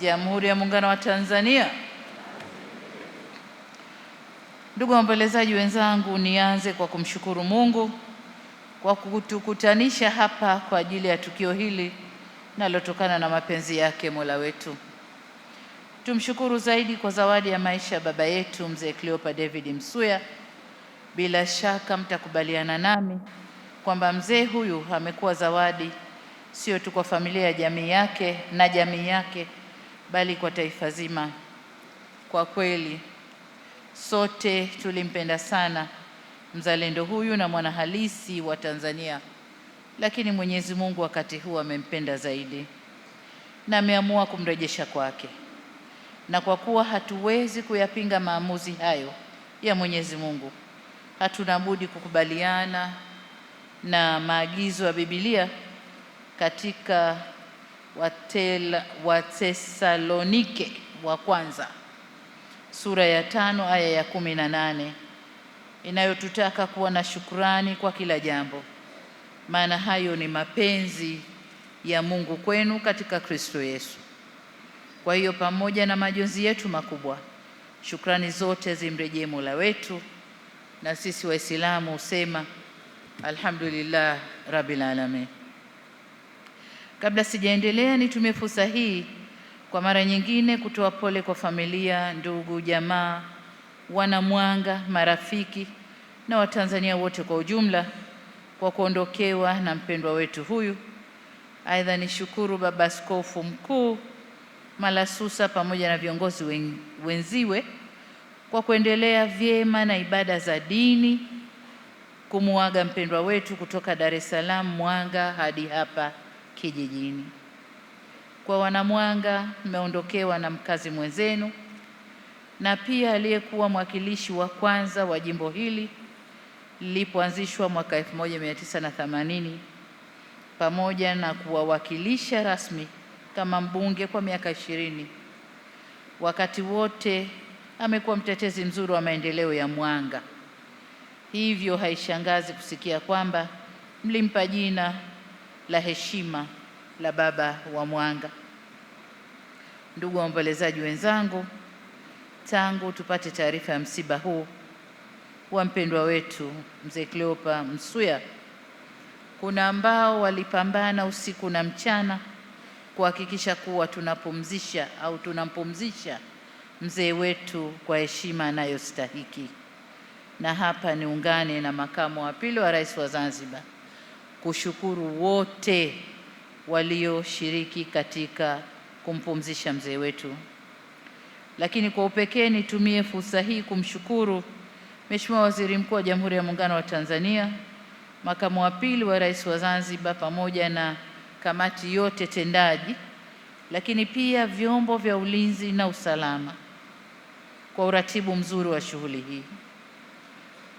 Jamhuri ya Muungano wa Tanzania. Ndugu waombolezaji wenzangu, nianze kwa kumshukuru Mungu kwa kutukutanisha hapa kwa ajili ya tukio hili linalotokana na mapenzi yake Mola wetu. Tumshukuru zaidi kwa zawadi ya maisha ya baba yetu mzee Cleopa David Msuya. Bila shaka mtakubaliana nami kwamba mzee huyu amekuwa zawadi sio tu kwa familia ya jamii yake na jamii yake bali kwa taifa zima. Kwa kweli sote tulimpenda sana mzalendo huyu na mwanahalisi wa Tanzania, lakini Mwenyezi Mungu wakati huu amempenda zaidi na ameamua kumrejesha kwake, na kwa kuwa hatuwezi kuyapinga maamuzi hayo ya Mwenyezi Mungu, hatuna budi kukubaliana na maagizo ya Biblia katika Watesalonike wa kwanza sura ya tano aya ya kumi na nane inayotutaka kuwa na shukrani kwa kila jambo, maana hayo ni mapenzi ya Mungu kwenu katika Kristo Yesu. Kwa hiyo pamoja na majonzi yetu makubwa, shukrani zote zimrejee Mola wetu, na sisi Waislamu husema alhamdulillah rabbil alamin. Kabla sijaendelea, nitumie fursa hii kwa mara nyingine kutoa pole kwa familia, ndugu, jamaa, wanamwanga, marafiki na Watanzania wote kwa ujumla kwa kuondokewa na mpendwa wetu huyu. Aidha, nishukuru Baba Askofu Mkuu Malasusa pamoja na viongozi wen, wenziwe kwa kuendelea vyema na ibada za dini kumuaga mpendwa wetu kutoka Dar es Salaam Mwanga hadi hapa kijijini. Kwa Wanamwanga, mmeondokewa na mkazi mwenzenu na pia aliyekuwa mwakilishi wa kwanza wa jimbo hili lilipoanzishwa mwaka 1980 pamoja na kuwawakilisha rasmi kama mbunge kwa miaka ishirini. Wakati wote amekuwa mtetezi mzuri wa maendeleo ya Mwanga, hivyo haishangazi kusikia kwamba mlimpa jina la heshima la baba wa Mwanga. Ndugu waombolezaji wenzangu, tangu tupate taarifa ya msiba huu wa mpendwa wetu mzee Cleopa Msuya, kuna ambao walipambana usiku na mchana kuhakikisha kuwa tunapumzisha au tunampumzisha mzee wetu kwa heshima anayostahiki, na hapa niungane na makamu wa pili wa rais wa Zanzibar kushukuru wote walioshiriki katika kumpumzisha mzee wetu, lakini kwa upekee nitumie fursa hii kumshukuru Mheshimiwa Waziri Mkuu wa Jamhuri ya Muungano wa Tanzania, makamu wa pili wa rais wa Zanzibar, pamoja na kamati yote tendaji, lakini pia vyombo vya ulinzi na usalama kwa uratibu mzuri wa shughuli hii.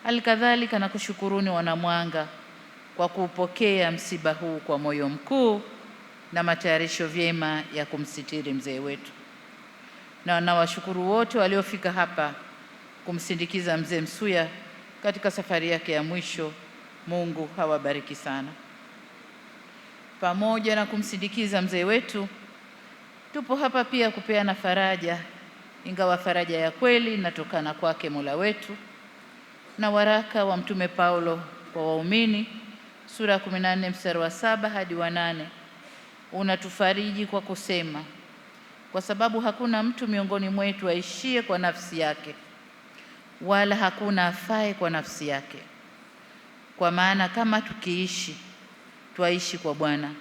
alikadhalika nakushukuruni wanamwanga kwa kupokea msiba huu kwa moyo mkuu na matayarisho vyema ya kumsitiri mzee wetu, na nawashukuru wote waliofika hapa kumsindikiza mzee Msuya katika safari yake ya mwisho. Mungu hawabariki sana. Pamoja na kumsindikiza mzee wetu, tupo hapa pia kupeana faraja, ingawa faraja ya kweli inatokana kwake Mola wetu, na waraka wa Mtume Paulo kwa waumini sura ya 14 mstari wa saba hadi wa nane unatufariji kwa kusema, kwa sababu hakuna mtu miongoni mwetu aishie kwa nafsi yake, wala hakuna afae kwa nafsi yake. Kwa maana kama tukiishi twaishi kwa Bwana,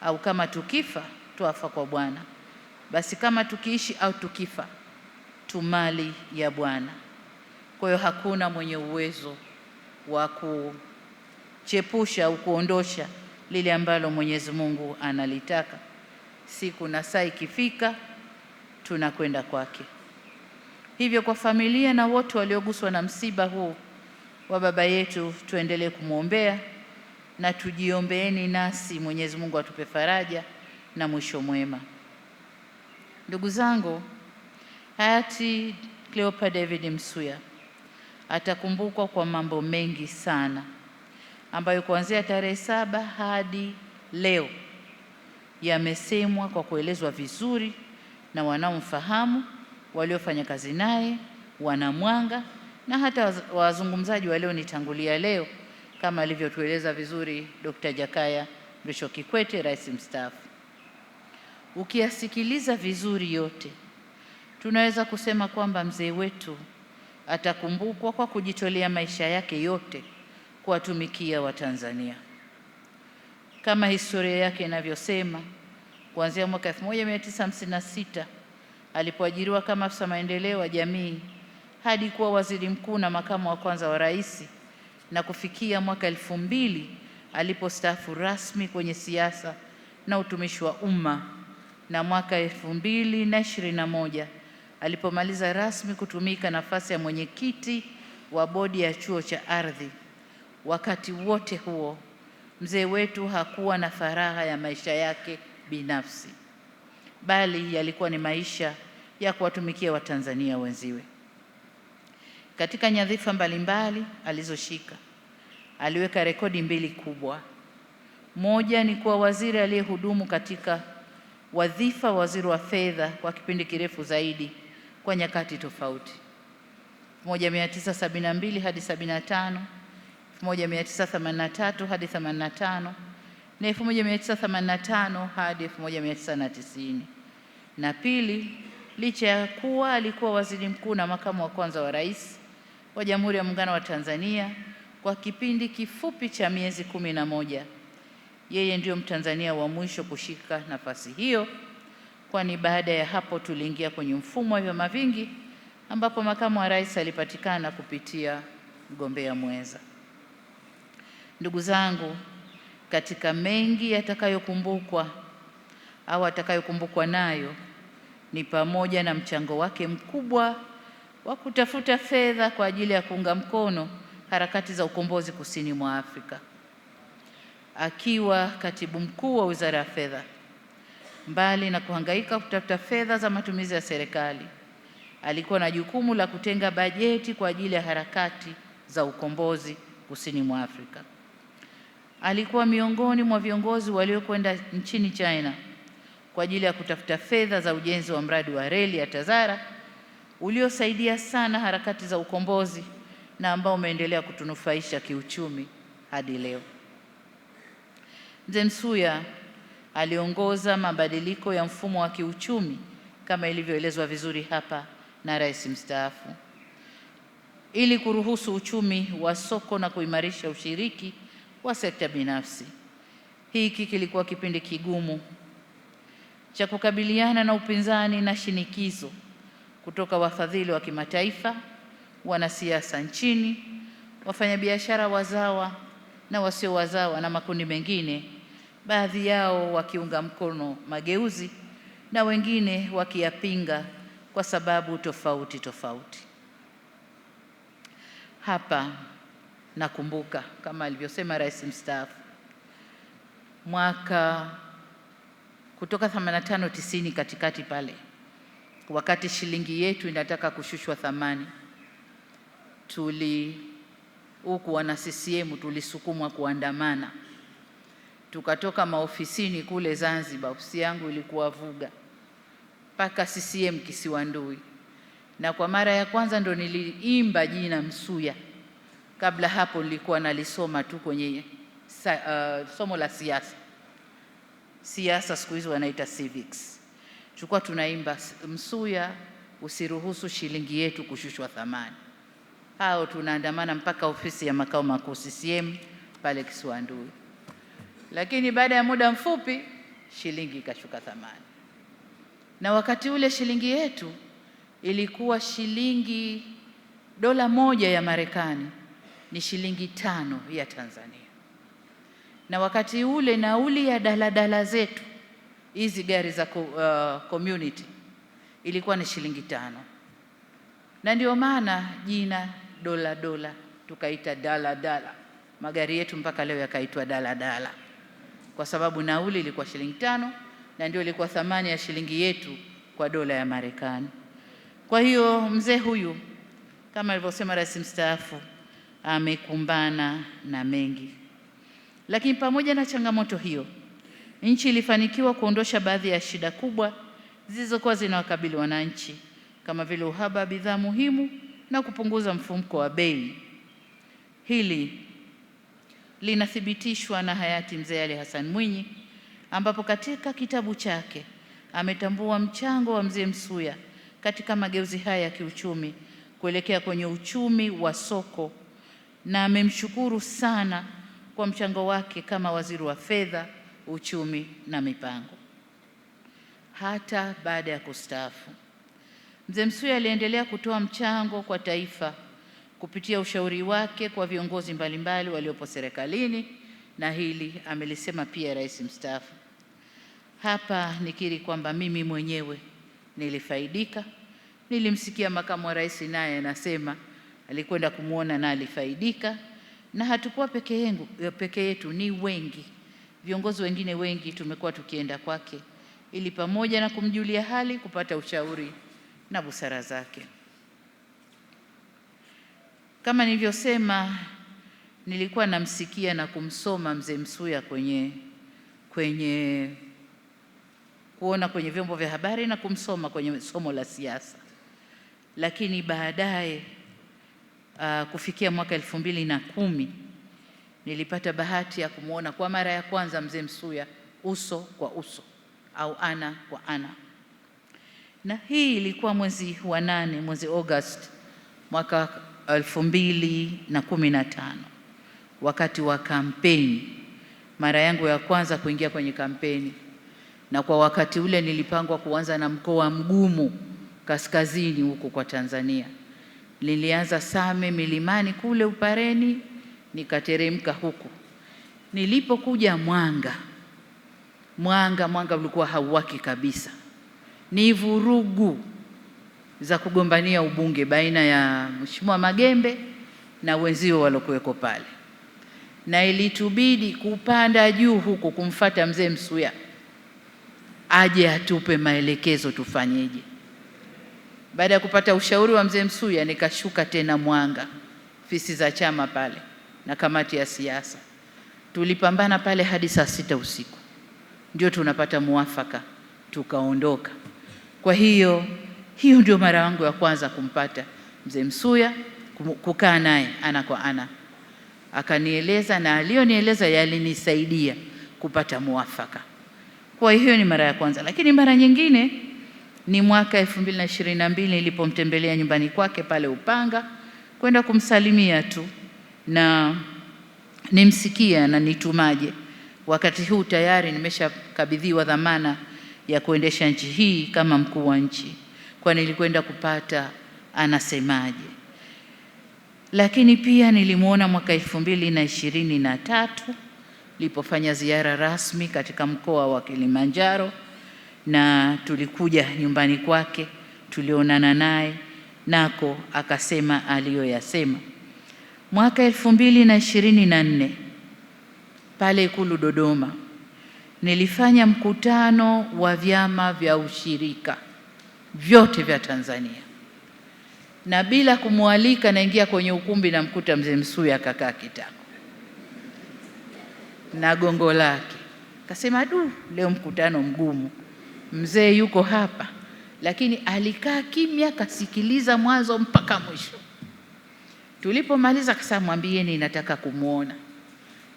au kama tukifa twafa kwa Bwana. Basi kama tukiishi au tukifa tu mali ya Bwana. Kwa hiyo hakuna mwenye uwezo wa ku kuchepusha au kuondosha lile ambalo Mwenyezi Mungu analitaka. Siku na saa ikifika, tunakwenda kwake. Hivyo kwa familia na wote walioguswa na msiba huu wa baba yetu, tuendelee kumwombea na tujiombeeni nasi Mwenyezi Mungu atupe faraja na mwisho mwema. Ndugu zangu, hayati Cleopa David Msuya atakumbukwa kwa mambo mengi sana ambayo kuanzia tarehe saba hadi leo yamesemwa kwa kuelezwa vizuri na wanaomfahamu, waliofanya kazi naye, wanamwanga na hata wazungumzaji walionitangulia leo, kama alivyotueleza vizuri Dkt. Jakaya Mrisho Kikwete, rais mstaafu. Ukiyasikiliza vizuri yote, tunaweza kusema kwamba mzee wetu atakumbukwa kwa kujitolea maisha yake yote kuwatumikia Watanzania. Kama historia yake inavyosema, kuanzia mwaka 1956 alipoajiriwa kama afisa maendeleo wa jamii hadi kuwa waziri mkuu na makamu wa kwanza wa rais na kufikia mwaka elfu mbili alipostaafu rasmi kwenye siasa na utumishi wa umma na mwaka elfu mbili na ishirini na moja alipomaliza rasmi kutumika nafasi ya mwenyekiti wa bodi ya chuo cha ardhi Wakati wote huo mzee wetu hakuwa na faraha ya maisha yake binafsi, bali yalikuwa ni maisha ya kuwatumikia Watanzania wenziwe. Katika nyadhifa mbalimbali alizoshika, aliweka rekodi mbili kubwa. Moja ni kuwa waziri aliyehudumu katika wadhifa wa waziri wa fedha kwa kipindi kirefu zaidi kwa nyakati tofauti 1972 hadi 75 1983 hadi 85 na 1985 hadi 1990. Na pili, licha ya kuwa alikuwa waziri mkuu na makamu wa kwanza wa rais wa Jamhuri ya Muungano wa Tanzania kwa kipindi kifupi cha miezi kumi na moja, yeye ndiyo Mtanzania wa mwisho kushika nafasi hiyo, kwani baada ya hapo tuliingia kwenye mfumo wa vyama vingi ambapo makamu wa rais alipatikana kupitia mgombea mweza Ndugu zangu, katika mengi yatakayokumbukwa au atakayokumbukwa nayo ni pamoja na mchango wake mkubwa wa kutafuta fedha kwa ajili ya kuunga mkono harakati za ukombozi kusini mwa Afrika. Akiwa katibu mkuu wa Wizara ya Fedha, mbali na kuhangaika kutafuta fedha za matumizi ya serikali, alikuwa na jukumu la kutenga bajeti kwa ajili ya harakati za ukombozi kusini mwa Afrika alikuwa miongoni mwa viongozi waliokwenda nchini China kwa ajili ya kutafuta fedha za ujenzi wa mradi wa reli ya Tazara uliosaidia sana harakati za ukombozi na ambao umeendelea kutunufaisha kiuchumi hadi leo. Mzee Msuya aliongoza mabadiliko ya mfumo wa kiuchumi kama ilivyoelezwa vizuri hapa na rais mstaafu, ili kuruhusu uchumi wa soko na kuimarisha ushiriki wa sekta binafsi. Hiki kilikuwa kipindi kigumu cha kukabiliana na upinzani na shinikizo kutoka wafadhili wa kimataifa, wanasiasa nchini, wafanyabiashara wazawa na wasio wazawa na makundi mengine, baadhi yao wakiunga mkono mageuzi na wengine wakiyapinga kwa sababu tofauti tofauti. Hapa Nakumbuka kama alivyosema rais mstaafu mwaka kutoka 85 90 katikati pale, wakati shilingi yetu inataka kushushwa thamani, tuli huku wana CCM tulisukumwa kuandamana, tukatoka maofisini kule Zanzibar, ofisi yangu ilikuwa Vuga, mpaka CCM Kisiwandui, na kwa mara ya kwanza ndo niliimba jina Msuya. Kabla hapo nilikuwa nalisoma tu kwenye uh, somo la siasa. Siasa siku hizi wanaita civics. Tulikuwa tunaimba Msuya, usiruhusu shilingi yetu kushushwa thamani. Hao tunaandamana mpaka ofisi ya makao makuu CCM pale Kiswandui, lakini baada ya muda mfupi shilingi ikashuka thamani, na wakati ule shilingi yetu ilikuwa shilingi dola moja ya Marekani ni shilingi tano ya Tanzania, na wakati ule nauli ya daladala zetu hizi gari za uh, community ilikuwa ni shilingi tano, na ndio maana jina dola dola tukaita daladala. Magari yetu mpaka leo yakaitwa daladala kwa sababu nauli ilikuwa shilingi tano, na ndio ilikuwa thamani ya shilingi yetu kwa dola ya Marekani. Kwa hiyo mzee huyu kama alivyosema rais mstaafu amekumbana na mengi, lakini pamoja na changamoto hiyo, nchi ilifanikiwa kuondosha baadhi ya shida kubwa zilizokuwa zinawakabili wananchi kama vile uhaba wa bidhaa muhimu na kupunguza mfumko wa bei. Hili linathibitishwa na hayati Mzee Ali Hassan Mwinyi, ambapo katika kitabu chake ametambua mchango wa Mzee Msuya katika mageuzi haya ya kiuchumi kuelekea kwenye uchumi wa soko na amemshukuru sana kwa mchango wake kama waziri wa fedha, uchumi na mipango. Hata baada ya kustaafu, Mzee Msuya aliendelea kutoa mchango kwa taifa kupitia ushauri wake kwa viongozi mbalimbali waliopo serikalini, na hili amelisema pia rais mstaafu. Hapa nikiri kwamba mimi mwenyewe nilifaidika. Nilimsikia makamu wa rais naye anasema alikwenda kumwona na alifaidika, na hatukuwa peke yangu peke yetu, ni wengi, viongozi wengine wengi tumekuwa tukienda kwake ili pamoja na kumjulia hali kupata ushauri na busara zake. Kama nilivyosema, nilikuwa namsikia na kumsoma mzee Msuya kwenye kwenye kuona kwenye vyombo vya habari na kumsoma kwenye somo la siasa, lakini baadaye uh, kufikia mwaka elfu mbili na kumi nilipata bahati ya kumwona kwa mara ya kwanza mzee Msuya uso kwa uso au ana kwa ana, na hii ilikuwa mwezi wa nane, mwezi August mwaka elfu mbili na kumi na tano wakati wa kampeni, mara yangu ya kwanza kuingia kwenye kampeni. Na kwa wakati ule nilipangwa kuanza na mkoa mgumu kaskazini huko kwa Tanzania nilianza Same milimani kule Upareni, nikateremka huku. Nilipokuja Mwanga, Mwanga, Mwanga ulikuwa hauwaki kabisa, ni vurugu za kugombania ubunge baina ya Mheshimiwa Magembe na wenzio walokuweko pale, na ilitubidi kupanda juu huku kumfata mzee Msuya aje atupe maelekezo tufanyeje. Baada ya kupata ushauri wa mzee Msuya, nikashuka tena Mwanga ofisi za chama pale na kamati ya siasa, tulipambana pale hadi saa sita usiku ndio tunapata muafaka, tukaondoka. Kwa hiyo hiyo ndio mara yangu ya kwanza kumpata mzee Msuya, kukaa naye ana kwa ana, akanieleza na aliyonieleza yalinisaidia kupata muafaka. Kwa hiyo ni mara ya kwanza, lakini mara nyingine ni mwaka 2022 nilipomtembelea nyumbani kwake pale Upanga kwenda kumsalimia tu na nimsikia na nitumaje. Wakati huu tayari nimeshakabidhiwa dhamana ya kuendesha nchi hii kama mkuu wa nchi, kwa nilikwenda kupata anasemaje. Lakini pia nilimwona mwaka elfu mbili na ishirini na tatu nilipofanya ziara rasmi katika mkoa wa Kilimanjaro na tulikuja nyumbani kwake, tulionana naye nako akasema aliyoyasema. Mwaka elfu mbili na ishirini na nne pale Ikulu Dodoma nilifanya mkutano wa vyama vya ushirika vyote vya Tanzania, na bila kumwalika naingia kwenye ukumbi, namkuta mzee Msuya akakaa kitako na gongo lake, kasema du, leo mkutano mgumu mzee yuko hapa, lakini alikaa kimya, kasikiliza mwanzo mpaka mwisho. Tulipomaliza kasa, mwambieni nataka kumwona.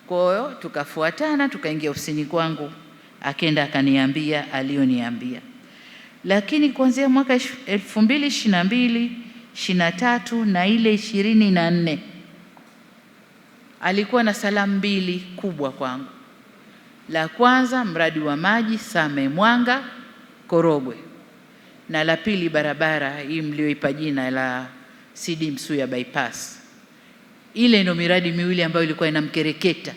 Kwa hiyo tukafuatana, tukaingia ofisini kwangu, akenda akaniambia alioniambia. Lakini kuanzia mwaka elfu mbili ishirini na mbili ishirini na tatu na ile ishirini na nne alikuwa na salamu mbili kubwa kwangu. La kwanza, mradi wa maji Same Mwanga Korogwe, na la pili barabara hii mlioipa jina la CD Msuya bypass. Ile ndio miradi miwili ambayo ilikuwa inamkereketa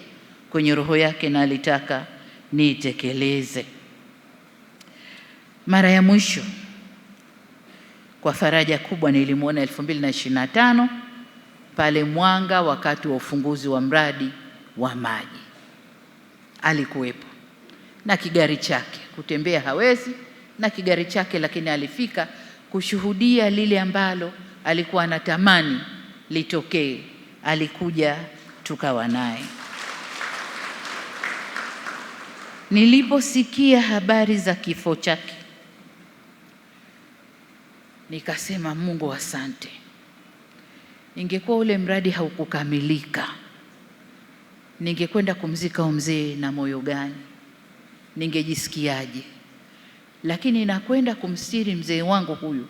kwenye roho yake na alitaka niitekeleze. Mara ya mwisho kwa faraja kubwa nilimwona 2025 pale Mwanga wakati wa ufunguzi wa mradi wa maji, alikuwepo na kigari chake, kutembea hawezi na kigari chake, lakini alifika kushuhudia lile ambalo alikuwa anatamani litokee. Alikuja tukawa naye. Niliposikia habari za kifo chake nikasema, Mungu asante. Ingekuwa ule mradi haukukamilika, ningekwenda kumzika mzee na moyo gani? Ningejisikiaje? lakini nakwenda kumstiri mzee wangu huyu,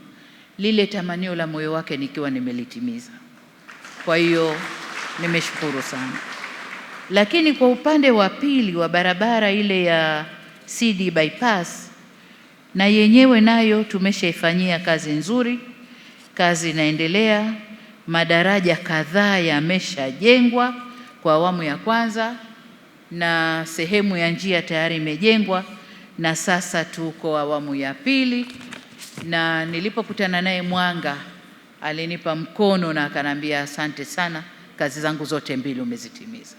lile tamanio la moyo wake nikiwa nimelitimiza. Kwa hiyo nimeshukuru sana. Lakini kwa upande wa pili wa barabara ile ya CD bypass, na yenyewe nayo tumeshaifanyia kazi nzuri, kazi inaendelea. Madaraja kadhaa yameshajengwa kwa awamu ya kwanza na sehemu ya njia tayari imejengwa na sasa tuko awamu ya pili, na nilipokutana naye Mwanga alinipa mkono na akanambia, asante sana, kazi zangu zote mbili umezitimiza.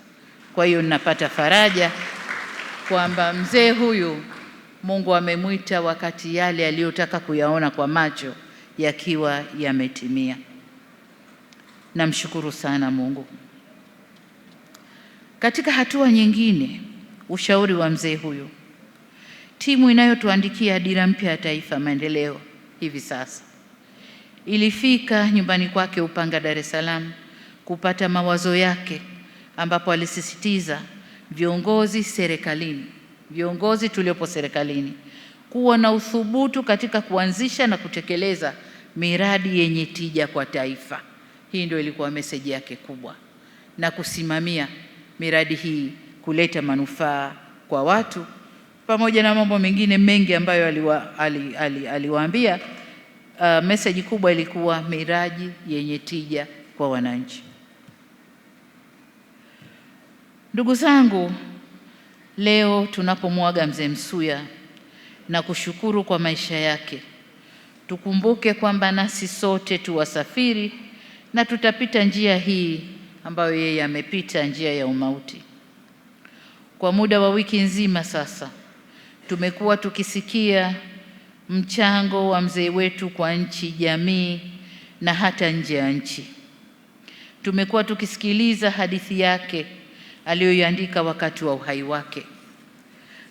Kwa hiyo ninapata faraja kwamba mzee huyu Mungu amemwita wa wakati yale aliyotaka kuyaona kwa macho yakiwa yametimia. Namshukuru sana Mungu. Katika hatua nyingine, ushauri wa mzee huyu Timu inayotuandikia dira mpya ya taifa maendeleo hivi sasa ilifika nyumbani kwake Upanga, Dar es Salaam kupata mawazo yake, ambapo alisisitiza viongozi serikalini, viongozi tuliopo serikalini kuwa na uthubutu katika kuanzisha na kutekeleza miradi yenye tija kwa taifa. Hii ndio ilikuwa meseji yake kubwa, na kusimamia miradi hii kuleta manufaa kwa watu pamoja na mambo mengine mengi ambayo aliwaambia ali, ali, ali uh, meseji kubwa ilikuwa miraji yenye tija kwa wananchi. Ndugu zangu, leo tunapomwaga mzee Msuya na kushukuru kwa maisha yake, tukumbuke kwamba nasi sote tuwasafiri na tutapita njia hii ambayo yeye amepita, njia ya umauti. Kwa muda wa wiki nzima sasa tumekuwa tukisikia mchango wa mzee wetu kwa nchi, jamii na hata nje ya nchi. Tumekuwa tukisikiliza hadithi yake aliyoiandika wakati wa uhai wake,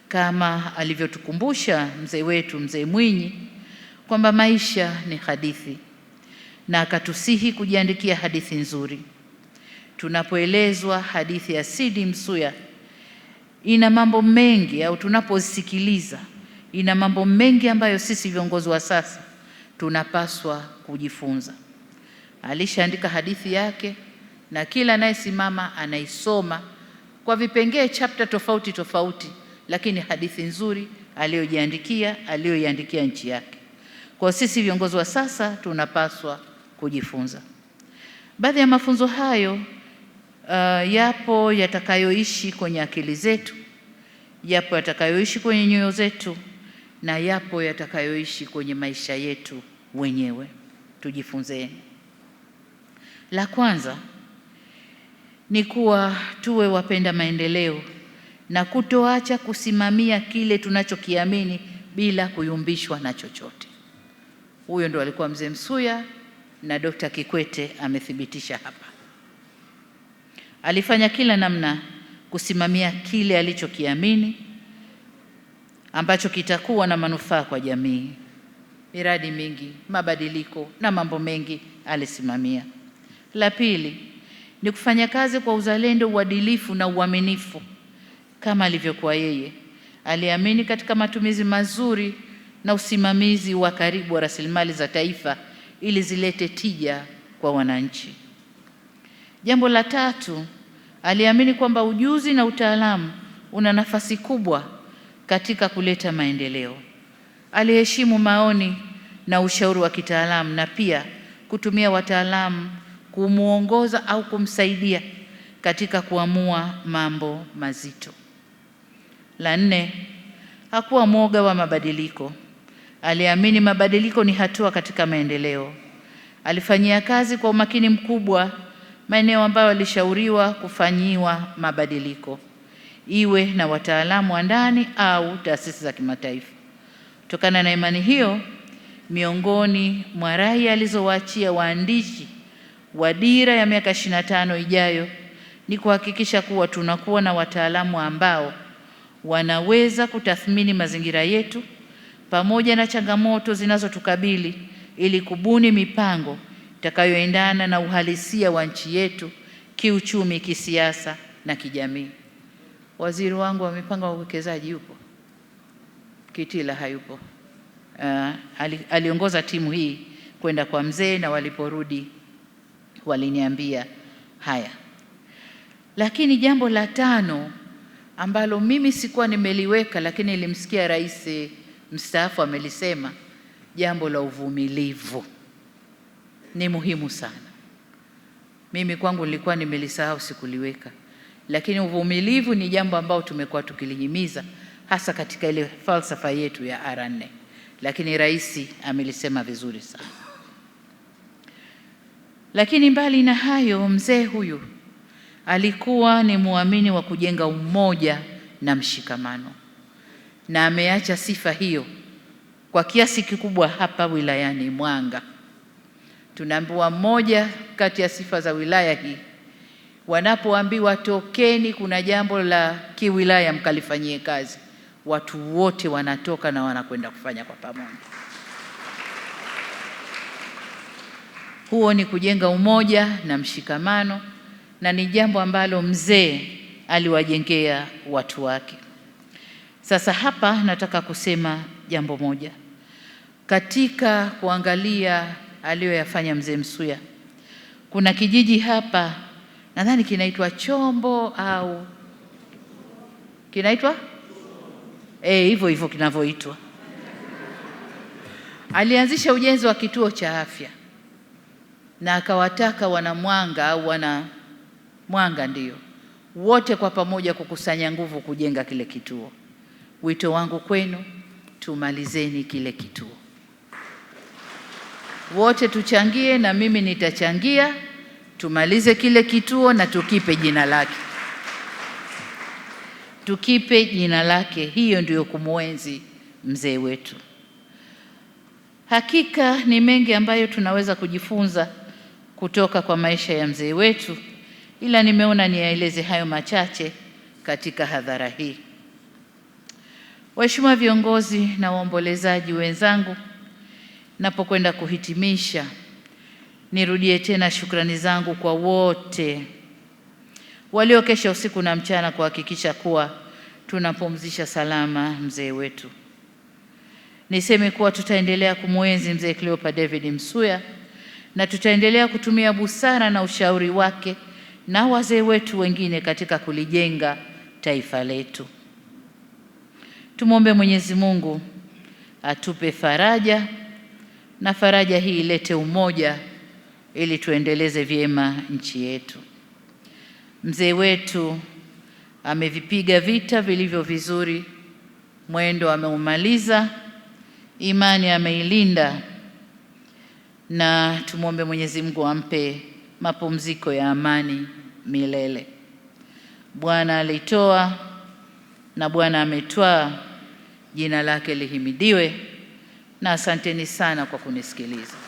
kama alivyotukumbusha mzee wetu mzee Mwinyi kwamba maisha ni hadithi, na akatusihi kujiandikia hadithi nzuri. Tunapoelezwa hadithi ya Sidi Msuya ina mambo mengi au tunaposikiliza, ina mambo mengi ambayo sisi viongozi wa sasa tunapaswa kujifunza. Alishaandika hadithi yake na kila anayesimama anaisoma kwa vipengee, chapta tofauti tofauti, lakini hadithi nzuri aliyojiandikia, aliyoiandikia nchi yake. Kwa sisi viongozi wa sasa tunapaswa kujifunza baadhi ya mafunzo hayo. Uh, yapo yatakayoishi kwenye akili zetu, yapo yatakayoishi kwenye nyoyo zetu, na yapo yatakayoishi kwenye maisha yetu wenyewe. Tujifunzeni. La kwanza ni kuwa tuwe wapenda maendeleo na kutoacha kusimamia kile tunachokiamini bila kuyumbishwa na chochote. Huyo ndo alikuwa Mzee Msuya na Dokta Kikwete amethibitisha hapa. Alifanya kila namna kusimamia kile alichokiamini ambacho kitakuwa na manufaa kwa jamii. Miradi mingi, mabadiliko na mambo mengi alisimamia. La pili ni kufanya kazi kwa uzalendo, uadilifu na uaminifu. Kama alivyokuwa yeye, aliamini katika matumizi mazuri na usimamizi wa karibu wa rasilimali za taifa ili zilete tija kwa wananchi. Jambo la tatu Aliamini kwamba ujuzi na utaalamu una nafasi kubwa katika kuleta maendeleo. Aliheshimu maoni na ushauri wa kitaalamu na pia kutumia wataalamu kumwongoza au kumsaidia katika kuamua mambo mazito. La nne, hakuwa mwoga wa mabadiliko. Aliamini mabadiliko ni hatua katika maendeleo. Alifanyia kazi kwa umakini mkubwa maeneo ambayo walishauriwa kufanyiwa mabadiliko, iwe na wataalamu wa ndani au taasisi za kimataifa. Kutokana na imani hiyo, miongoni mwa rai alizowaachia waandishi wa dira ya miaka 25 ijayo ni kuhakikisha kuwa tunakuwa na wataalamu ambao wanaweza kutathmini mazingira yetu pamoja na changamoto zinazotukabili ili kubuni mipango itakayoendana na uhalisia wa nchi yetu kiuchumi, kisiasa na kijamii. Waziri wangu wa mipango ya uwekezaji yupo? Kitila hayupo. Uh, aliongoza timu hii kwenda kwa mzee na waliporudi waliniambia haya. Lakini jambo la tano ambalo mimi sikuwa nimeliweka, lakini nilimsikia rais eh, mstaafu amelisema, jambo la uvumilivu ni muhimu sana. Mimi kwangu nilikuwa nimelisahau, sikuliweka, lakini uvumilivu ni jambo ambalo tumekuwa tukilihimiza hasa katika ile falsafa yetu ya R4, lakini rais amelisema vizuri sana. Lakini mbali na hayo, mzee huyu alikuwa ni muamini wa kujenga umoja na mshikamano, na ameacha sifa hiyo kwa kiasi kikubwa hapa wilayani Mwanga tunaambiwa moja kati ya sifa za wilaya hii, wanapoambiwa tokeni, kuna jambo la kiwilaya mkalifanyie kazi, watu wote wanatoka na wanakwenda kufanya kwa pamoja. Huo ni kujenga umoja na mshikamano, na ni jambo ambalo mzee aliwajengea watu wake. Sasa hapa nataka kusema jambo moja katika kuangalia aliyoyafanya mzee Msuya. Kuna kijiji hapa nadhani kinaitwa Chombo au kinaitwa eh, hivyo hivyo kinavyoitwa. Alianzisha ujenzi wa kituo cha afya na akawataka wana mwanga au wana Mwanga ndio wote kwa pamoja kukusanya nguvu kujenga kile kituo. Wito wangu kwenu, tumalizeni kile kituo wote tuchangie, na mimi nitachangia, tumalize kile kituo na tukipe jina lake, tukipe jina lake. Hiyo ndiyo kumwenzi mzee wetu. Hakika ni mengi ambayo tunaweza kujifunza kutoka kwa maisha ya mzee wetu, ila nimeona niyaeleze hayo machache katika hadhara hii. Waheshimiwa viongozi na waombolezaji wenzangu Napokwenda kuhitimisha, nirudie tena shukrani zangu kwa wote waliokesha usiku na mchana kuhakikisha kuwa tunapumzisha salama mzee wetu. Niseme kuwa tutaendelea kumwenzi mzee Cleopa David Msuya na tutaendelea kutumia busara na ushauri wake na wazee wetu wengine katika kulijenga taifa letu. Tumwombe Mwenyezi Mungu atupe faraja na faraja hii ilete umoja ili tuendeleze vyema nchi yetu. Mzee wetu amevipiga vita vilivyo vizuri, mwendo ameumaliza, imani ameilinda, na tumwombe Mwenyezi Mungu ampe mapumziko ya amani milele. Bwana alitoa na Bwana ametwaa, jina lake lihimidiwe na asanteni sana kwa kunisikiliza.